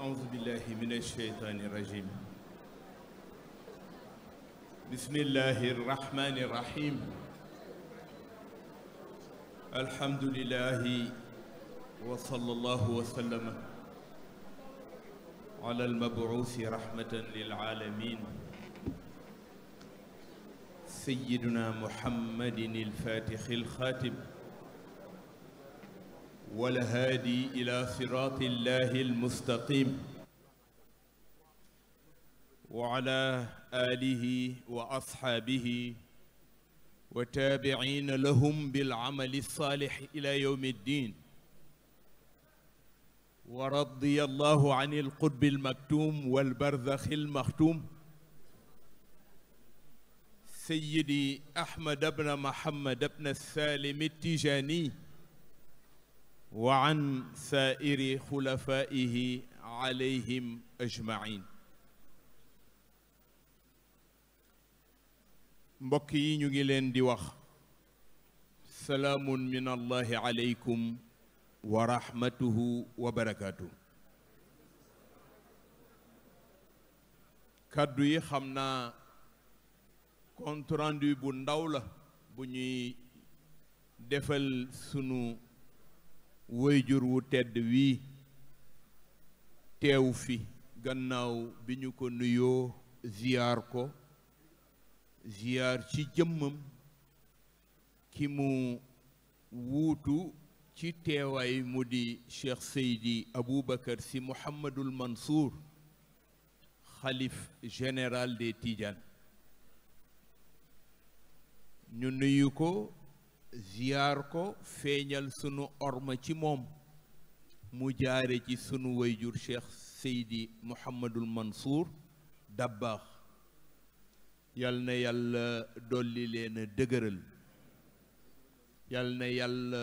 أعوذ بالله من الشيطان الرجيم بسم الله الرحمن الرحيم الحمد لله وصلى الله وسلم على المبعوث رحمة للعالمين سيدنا محمد الفاتح الخاتم والهادي إلى صراط الله المستقيم وعلى آله وأصحابه وتابعين لهم بالعمل الصالح إلى يوم الدين ورضي الله عن القرب المكتوم والبرزخ المختوم سيدي أحمد بن محمد بن السالم التجاني وعن سائر خلفائه عليهم اجمعين مبكي نيغي لين سلام من الله عليكم ورحمته وبركاته كادو يي خمنا كونتراندي بو بني بو سنو woyjur wu tedd wi teew fi gannaaw bi ñu ko nuyoo ziyaar ko ziyaar ci jëmmam ki mu wuutu ci teewaay mu di cheikh seydi aboubacar si mouhamadul mansour xalif general des Tidianes ñu nuyu ko ziyaar ko feeñal sunu orma ci moom mu jaare ci sunu wayjur cheikh seydi mouhamadul mansour dabbaax yal na yàlla dolli leen a dëgëral yal na yàlla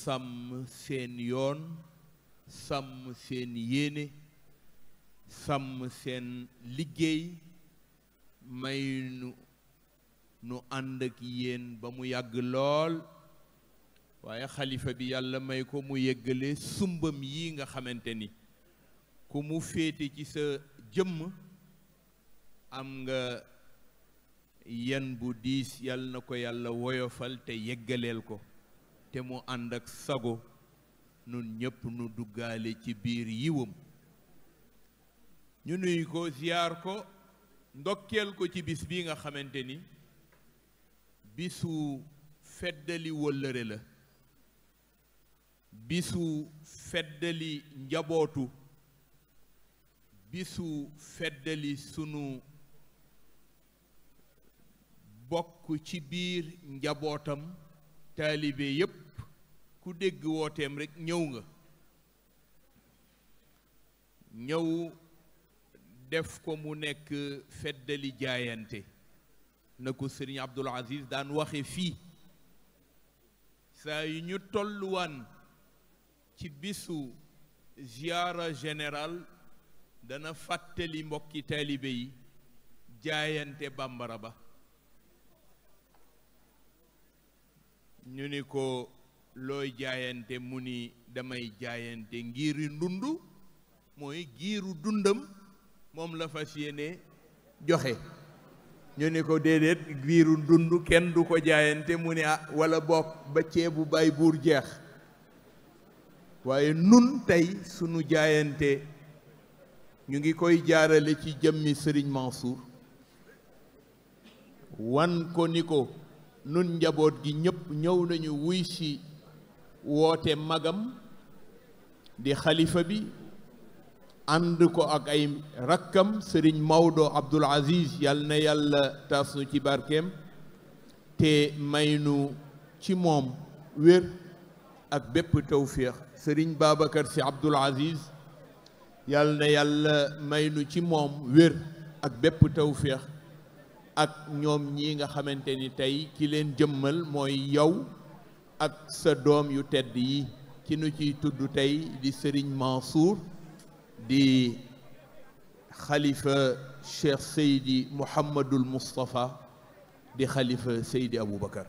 sàmm seen yoon sàmm seen yéene sàmm seen liggéey may nu ànd ak yéen ba mu yàgg lool waaye xalifa bi yàlla may ko mu yeggale sumbam yi nga xamante ni ku mu féete ci sa jëmm am nga yen bu diis yàlla na ko yàlla woyofal te yeggaleel ko te mu ànd ak sago nun ñépp nu duggaale ci biir yiwam ñu nuyu ko ziyaar ko ndokkeel ko ci bis bi nga xamante ni bisu feddali wëllëre la bisu feddali njabootu bisu feddali sunu bokk ci biir njabootam taalibe yépp ku dégg wooteem rekk ñëw nga ñëw def ko mu nekk feddali jaayante na ko sëriñ Abdul Aziz daan waxe fii saa yu ñu tolluwaan ci bisu ziara général dana fàttali mbokki taalibe yi jaayante bàmbara ba ñu ni ko looy jaayante mu ni damay jaayante ngiri ndund mooy giiru dundam moom la fas yéene joxe ñu ni ko déedéet giiru dund kenn du ko jaayante mu ni ah wala bokk ba ceebu bay buur jeex waaye nun tey sunu jaayante ñu ngi koy jaarale ci jëmmi Sëriñ Mansour wan ko ni ko nun njaboot gi ñëpp ñëw nañu wuy ci woote magam di xalifa bi ànd ko ak ay rakkam Serigne maudo abdul Aziz yalna yàlla tasu ci barkem te maynu ci mom wér ak bépp tawfiq Serigne babakar si abdul Aziz yalna yàlla maynu ci mom wér ak bépp tawfiq ak ñom ñi nga xamanteni tay ki leen jëmmal moy yow ak sa doom yu tedd yi ki nu ci tuddu tay di Serigne Mansour di xalifa cheikh seydi mouhamadul moustapha di xalifa seydi aboubacar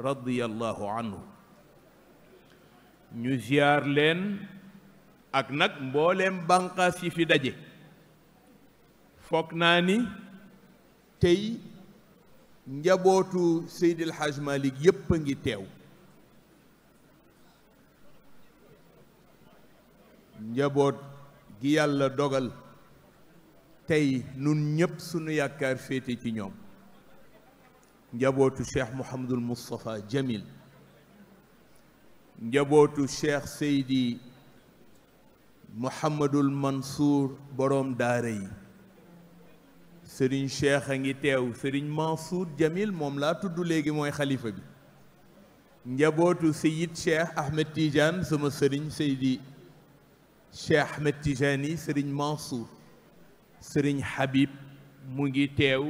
radiallahu anhu ñu ziyaar leen ak nag mbooleem bànqaas yi fi daje foog naa ni tey njabootu Seydi El Hadj Malick yépp a ngi teew njaboot gi yàlla dogal tay nun ñëpp sunu yaakaar féete ci ñoom njabootu cheikh Mouhamadul Moustapha Jamil njabootu cheikh Seydi Mouhamadul Mansour borom daara yi sëriñ cheikh a ngi teew sëriñ Mansour Jamil moom laa tudd léegi mooy xalifa bi njabootu Seyid cheikh Ahmed Tidiane sama sëriñ Seydi Cheikh Ahmed Tijani Serigne Mansour Serigne Habib mu ngi teew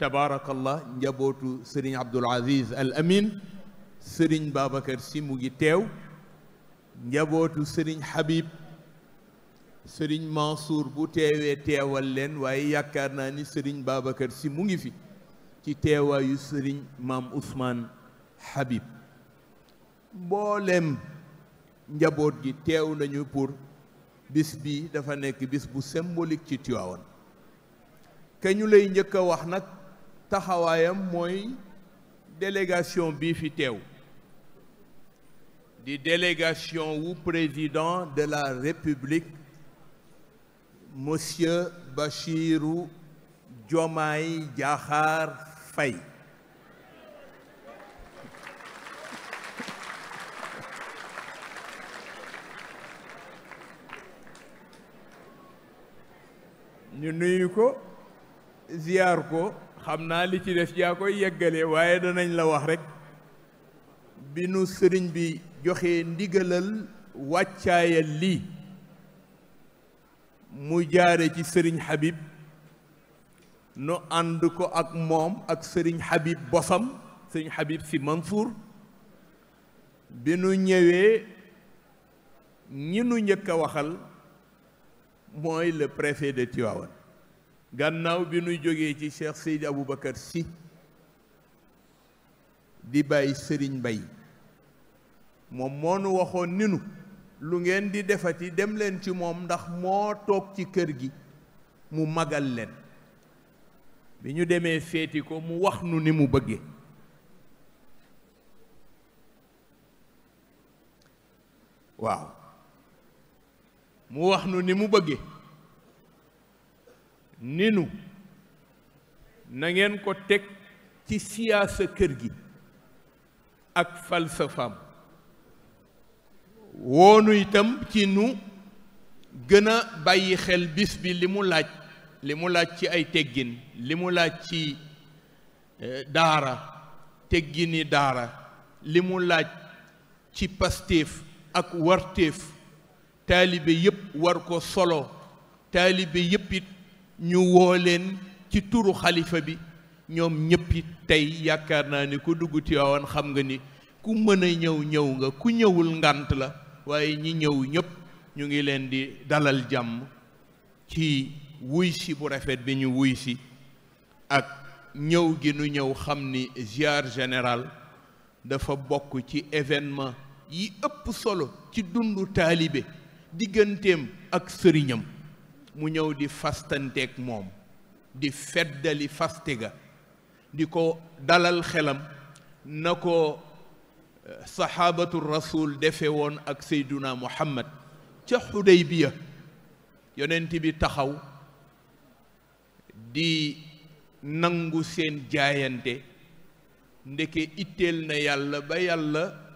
tabaarakallah njabootu Serigne Abdoul Aziz Al Amin Serigne Babacar Sy mu ngi teew njabootu Serigne Habib Serigne Mansour bu teewee teewal leen waaye yaakaar naa ni Serigne Babacar Sy mu ngi fi ci teewaayu Serigne Maam Ousmane Habib mboolem njaboot gi teew nañu pour bis de dafa nek bis bu symbolique ci Tiwaawan ke ñu lay njëkk wax nak taxawayam moy délégation BIFITEU, fi tew di délégation wu président de la République monsieur Bachirou Diomaye Diakhar Faye ñu nuyu ko ziyaar ko xam naa li ci def yaa koy yeggale waaye danañ la wax rekk bi nu sëriñ bi joxe ndigalal wàccaayal lii mu jaare ci sëriñ Habib nu ànd ko ak moom ak sëriñ Habib bosam sëriñ Habib si Mansour bi nu ñëwee ñi nu njëkk a waxal mooy le préfet de Tivaouane gannaaw bi nu jógee ci Cheikh Seydi Aboubacar Sy di bàyyi Serigne Mbaye moom moo nu waxoon ni nu lu ngeen di defati dem leen ci moom ndax moo toog ci kër gi mu magal leen bi ñu demee feeti ko mu wax nu ni mu bëggee waaw mu wax nu ni mu bëgge ni nu na ko teg ci siyaasa kër gi ak falsafaam woonu itam ci nu gën a bàyyi xel bis bi li mu laaj li mu laaj ci ay teggin li mu laaj ci eh, daara teggini daara li mu laaj ci pastéef ak wartéef taalibe yëpp war ko solo taalibe yëpp it ñu woo leen ci turu xalifa bi ñoom ñëpp tey yaakaar naa ni ku dugg Tiwaawan xam nga ni ku mën ñëw ñëw nga ku ñëwul ngànt la waaye ñi ñëw ñëpp ñu ngi leen di dalal jàmm ci wuysi bu rafet bi ñu wuy si ak ñëw gi nu ñëw xam ni ziar général dafa bokk ci événement yi ëpp solo ci dundu taalibe digganteem ak sëriñam mu ñëw di fastanteeg moom di feddali faste di ko dalal xelam na ko eh, saxaabatu rasul defe woon ak seyduna muhammad ca xudaybiya yonent bi taxaw di nangu seen jaayante ndeke itteel na yàlla ba yàlla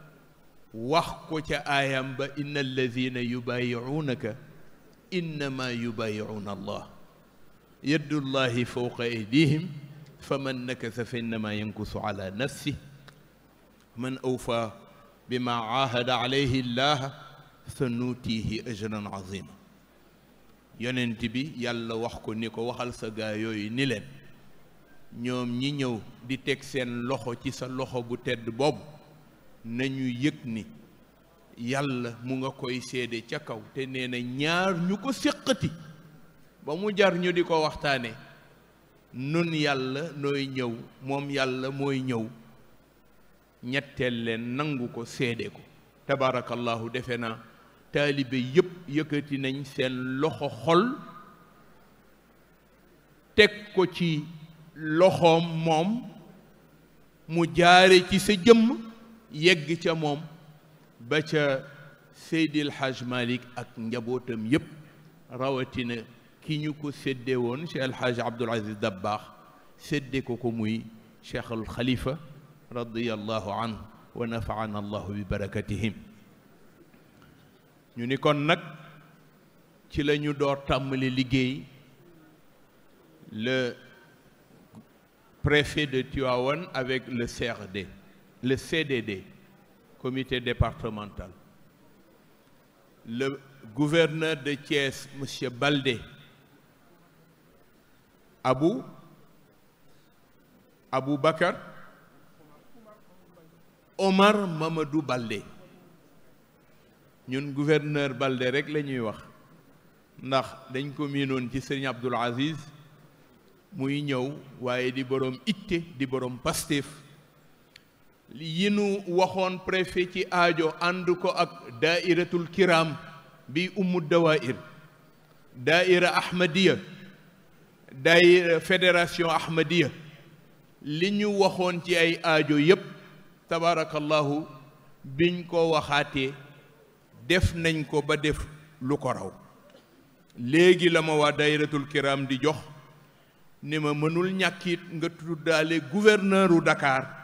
wax ko ca aayam ba inna alladina yubaayicuunaka innama yubaayicuuna allah yaddu llahi fawqa aydihim faman nakasa fa innama yankusu ala nafsih man awfa bima caahada calayhi llaha sa nuutiihi ajran cazima yonent bi yàlla wax ko ni ko waxal sa gaa yooyu ni leen ñoom ñi ñëw di teg seen loxo ci sa loxo bu tedd boobu nañu yëg ni yàlla mu nga koy seede ca kaw te nee na ñaar ñu ko séqati ba mu jar ñu di ko waxtaane nun yàlla nooy ñëw moom yàlla mooy ñëw ñetteel leen nangu ko seede ko tabaarakallaahu defe naa taalibe yépp yëkkati nañ seen loxo xol teg ko ci loxoom moom mu jaare ci sa jëmm يجي تمام بجا سيد الحاج مالك اك نجابوتم يب راوتين كي نيوكو سدوون شيخ الحاج عبد العزيز دباخ سدكو كوموي شيخ الخليفه رضي الله عنه ونفعنا الله ببركتهم ني نكون نك تي لا ني دور تاملي ليغي le préfet de Tiwawan avec le CRD. le CDD, comité départemental, le gouverneur de Thiès, M. Baldé, Abou, Abou Bakar, Omar Mamadou Baldé. ñun gouverneur Baldé rek la wax ndax dañ ko Aziz muy di borom qui di borom yi nu waxoon préfet ci ajo ànd ko ak daairatul kiram bi ummu dawair daaira ahmadiya daaira fédération ahmadiya li ñu waxoon ci ay ajo yépp tabaarakallahu biñ ko waxaatee def nañ ko ba def lu ko raw léegi la ma waa daairatul kiram di jox ni ma mënul ñàkkit nga tuddaale gouverneuru Dakar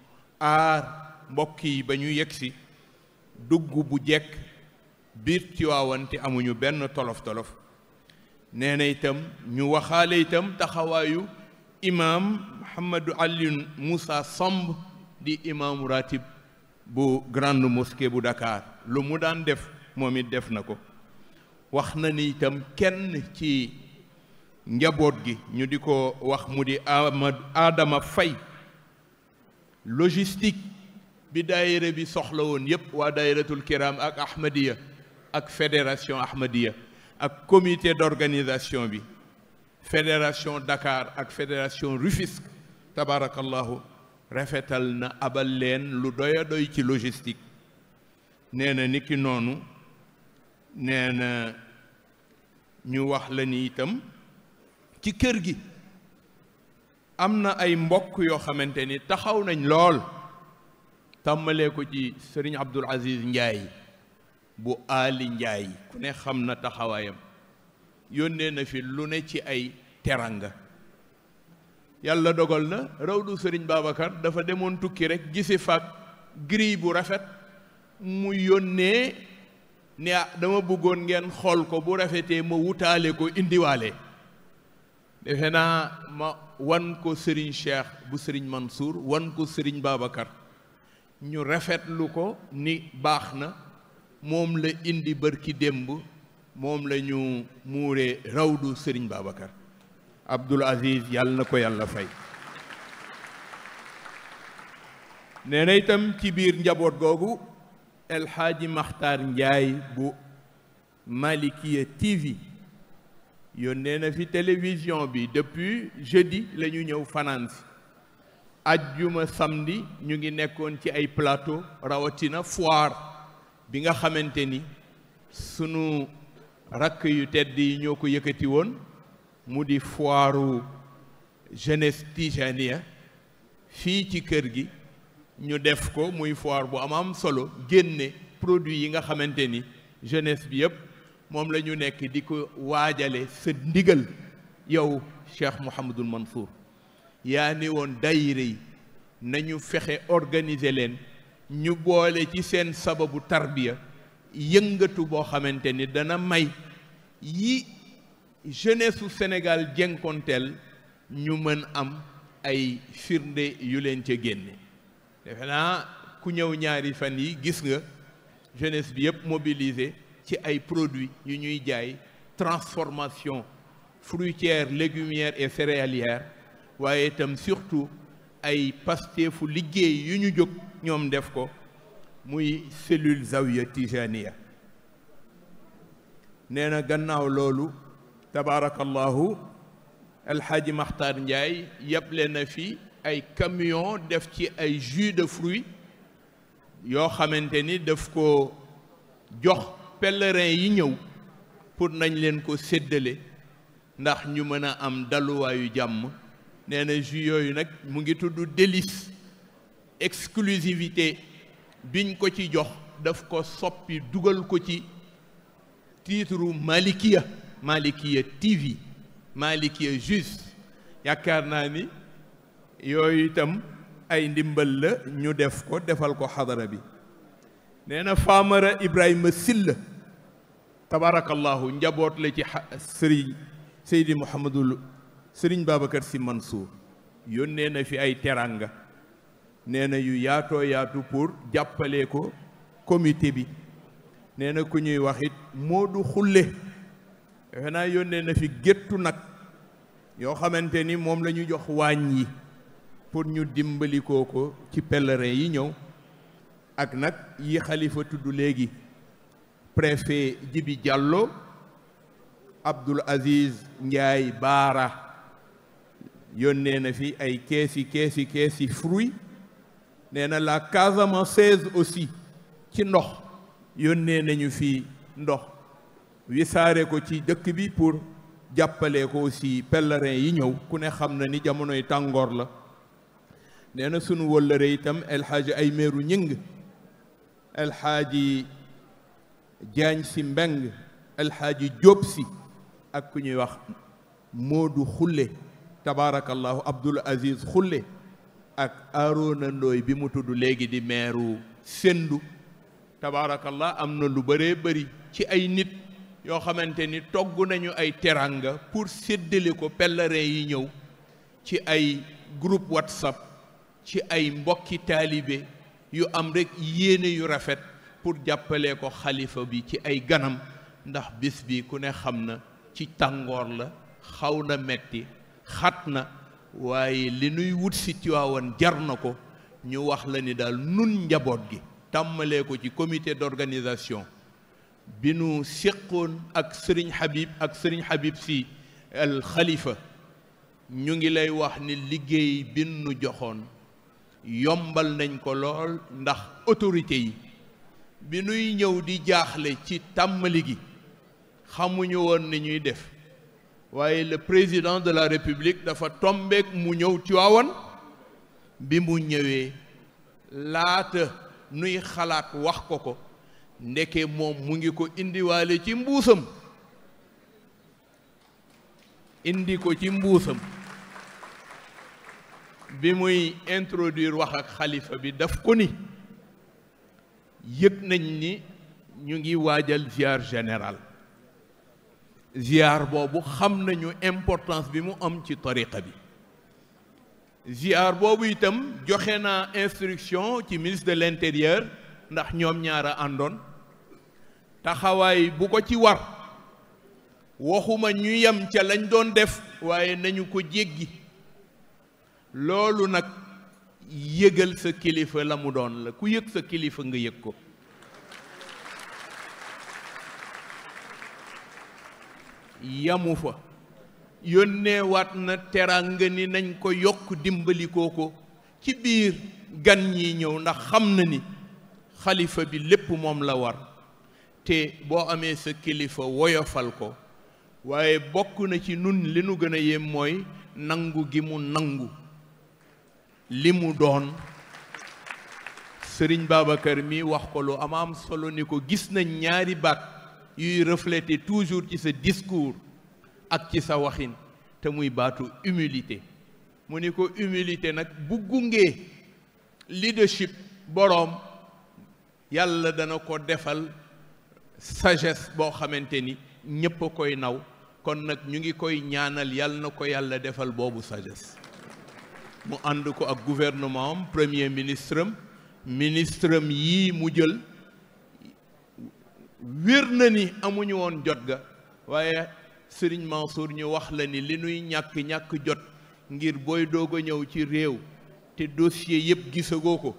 aar mbokk yi ba ñu yegsi dugg bu jekk biir Tiwaawan amuñu benn tolof tolof neena na itam ñu waxaale itam taxawaayu imaam Mouhamadou Alioune Moussa Samb di imaamu ratib bu grande mosquée bu Dakar lu mu daan def moom it def na ko wax na ni itam kenn ci njaboot gi ñu di ko wax mu di Amad Adama Faye logistique bi daayira bi soxla woon yépp waa daayiratul kiram ak ahmadiya ak fédération ahmadiya ak comité d'organisation bi fédération Dakar ak fédération Rufisque tabarakallahu rafetal na abal leen lu doy a doy ci logistique nee na niki noonu nee na ñu wax la ni itam ci kër gi am na ay mbokk yoo xamante ni taxaw nañ lool tàmmalee ko ci sëriñ Abdul Aziz Njaay bu Ali Njaay ku ne xam na taxawaayam yónnee na fi lu ne ci ay teranga yàlla dogal na rawdu sëriñ Babacar dafa demoon tukki rek gisi faak gris bu rafet mu yónnee ne ah, dama bëggoon ngeen xool ko bu rafetee ma wutaale ko indiwaale defe naa ma wan ko sëriñ Cheikh bu Serigne Mansour wan ko sëriñ Babacar ñu rafetlu ko ni baax na moom la indi bërki démb moom la ñu muuree rawdu sëriñ Babacar Abdoul Aziz yàlla na ko yàlla fay nee na itam ci biir njaboot googu El Hadji Makhtar Ndiaye bu Malikia TV yónnee na fi télévision bi depuis jeudi la ñu ñëw fanaan si ajjuma samedi ñu ngi nekkoon ci ay plateau rawatina foire bi nga xamante ni sunu rakk yu tedd yi ñoo ko yëkkati woon mu di foiru jeunesse tijania fii ci kër gi ñu def ko muy foire bu am am solo génne produit yi nga xamante ni jeunesse bi yëpp mom lañu nek que wajale ko ndigal yow Cheikh Mouhamadul Mansour yani ni nañu organiser len ñu boole ci seen sababu tarbiya yëngatu boo xamante dana may yi jeunesse Sénégal ñu am ay firnde yu leen ca génne defe naa ku jeunesse bi ay produits une ñuy transformation fruitière légumière et céréalière waaye itam surtout ay pasteefu liggéey yu ñu jóg ñoom def ko muy cellule zawiya tijaniya nee na gannaaw loolu tabaarakallahu alxaaji maxtaar njaay yeble na fi ay camion def ci ay jus de fruits Yo xamante ni daf ko jox pèlerin yi ñëw pour nañ leen ko séddale ndax ñu mën a am daluwaayu jàmm nee na yooyu nag mu ngi tudd délice exclusivité biñ ko ci jox daf ko soppi dugal ko ci titre Malikia Malikia TV Malikia jus yaakaar naa ni yooyu itam ay ndimbal la ñu def ko defal ko xadara bi nee na Famara Ibrahima Silla tabaarakallaahu njaboot la ci sëriñ Seydi Mouhamadul sëriñ Babacar Sy Mansour yónnee na fi ay teranga nee na yu yaatoo yaatu pour jàppale ko comité bi nee na ku ñuy wax it Moodu Xulle defe yónnee na fi géttu nag yoo xamante ni moom la ñu jox waañ yi pour ñu dimbali ko ci pellere yi ñëw ak nag yi xalifa tudd léegi préfet Djibi Diallo Abdul Aziz Ndiaye Bara, yonne na fi ay kesi kesi keesi fruits nee na la Casamançaise aussi ci ndox yonne nañu fi ndox wisaare ko ci dëkk bi pour jàppale ko aussi pèlerin yi ñëw ku ne xamna ni jamono yi tangor la nee sunu wolere itam El Hadji meru Ñing El Hadji jaañ si mbeng alxaaji jóob si ak ku ñuy wax moodu xulle tabaarakallaahu abdul aziz xulle ak aarona ndooy bi mu tudd léegi di meeru sendu tabaarakallah am na lu bare bari ci ay nit yoo xamante ni togg nañu ay teranga pour séddale ko pèlerin yi ñëw ci ay groupe whatsapp ci ay mbokki taalibe yu am rekk yéene yu rafet pour jappelé ko khalifa bi ci ay ganam ndax bis bi ku ne xamna ci tangor la xawna metti xat waye li nuy wut ci tiwawon jarnako ñu wax la ni dal nun njabot gi tamalé ko ci comité d'organisation bi nu séqoon ak serigne Habib ak serigne Habib si al khalifa ñu ngi lay wax ni liggéey bi nu joxoon yombal nañ ko lool ndax autorité yi bi nuy ñëw di jaaxle ci tàmbali gi xamuñu woon ni ñuy def waaye le président de la république dafa tombeek mu ñëw Tiwaawan bi mu ñëwee laata nuy xalaat wax ko ko ndeke moom mu ngi ko indiwaale ci mbuusam indi ko ci mbuusam bi muy introduir wax ak xalifa bi daf ko ni yëg nañ ni ñu ngi waajal ziar général ziar boobu xam nañu importance bi mu am ci tariqa bi ziar boobu itam joxe naa instruction ci ministre de l'intérieur ndax ñoom ñaara àndoon taxawaay bu ko ci war waxuma ñu yam ca lañ doon def waaye nañu ko jéggi loolu nag yëgal sa kilifa la mu doon la ku yëg sa kilifa nga yëg ko yamu fa yónneewaat na teraanga ni nañ ko yokk dimbali ko ci biir gan ñi ñëw ndax xam na ni xalifa bi lépp moom la war te boo amee sa kilifa woyofal ko waaye bokk na ci nun li nu gën a yem mooy nangu gi mu nangu li mu doon Sëriñ Babacar mi wax ko lu ama solo ni ko gis nañ ñaari baat yuy refléter toujours ci sa discours ak ci sa waxin te muy baatu humilité mu ni ko humilité nag bu gungee leadership boroom yàlla dana ko defal sagesse boo xamante ni ñépp koy naw kon nag ñu ngi koy ñaanal yàlla na ko yàlla defal boobu sagesse mu ànd ko ak gouvernement am premier ministre am yii mu jël wér na ni amuñu woon jot ga waaye Serigne Mansour ñu wax la ni li nuy ñàkk ñàkk jot ngir booy doog a ñëw ci réew te dossier yépp gisagoo ko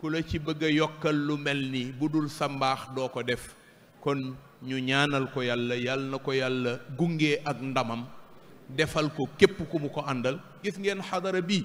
ku la ci bëgg yokkal lu mel ni bu dul sa mbaax doo ko def kon ñu ñaanal ko yàlla yàlla na ko yàlla gunge ak ndamam defal ko képp ku mu ko àndal gis ngeen xadara bi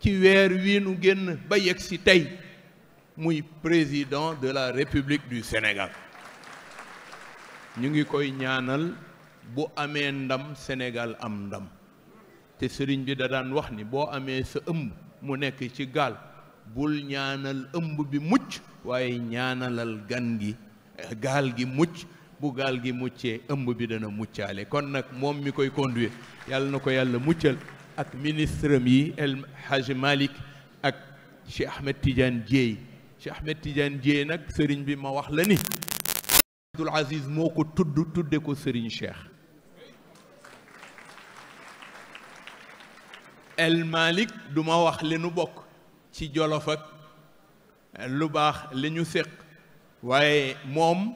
ci weer wii nu génn ba yegg si tey muy président de la république du Sénégal ñu ngi koy ñaanal bu amee ndam Sénégal am ndam te sëriñ bi da daan wax ni boo amee sa ëmb mu nekk ci gaal bul ñaanal ëmb bi mucc waaye ñaanalal gan gi gaal gi mucc bu gaal gi muccee ëmb bi dana muccaale kon nag moom mi koy conduire yàlla na ko yàlla muccal ak ministre yi El haj malik ak Cheikh Ahmed Tidiane djey Cheikh Ahmed Tidiane djey nak serigne bi ma wax la ni abdul Aziz moko tuddu tudde ko serigne Cheikh El malik duma wax li nu bok ci Jolof ak lu bax li ñu sekk waye mom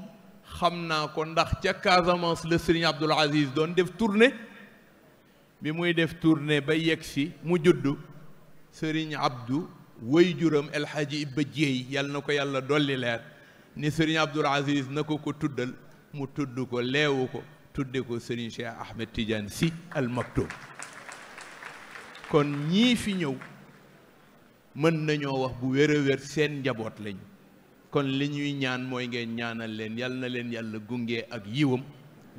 xamna ko ndax ca Casamance le serigne abdul Aziz don def tourner bi muy def tournée ba yegg si mu judd sëriñ Abdou way juram El Hadji Ibba Dieye yàlla na ko yàlla dolli leer ni sëriñ Abdoul Aziz na ko ko tuddal mu tudd ko leewu ko tudde ko sëriñ Cheikh Ahmed Tidiane Sy Al kon ñii fi ñëw mën nañoo wax bu wér wér seen njaboot lañu kon li ñuy ñaan mooy ngeen ñaanal leen yal na leen yàlla gunge ak yiwam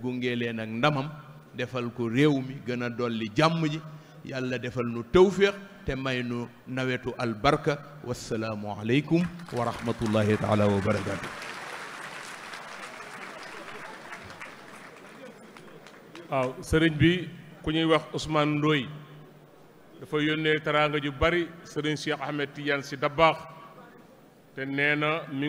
gunge leen ak ndamam defal ko rewmi gëna dolli jàmm ji yàlla defal nu tawfiq te may nu nawetu albarka wassalamu alaykum wa rahmatullahi taala wa barakatuh aw serigne bi ku ñuy wax Ousmane ndoy dafa yónnee teraanga ju bari serigne Cheikh Ahmed Tidiane si dabax te neena mi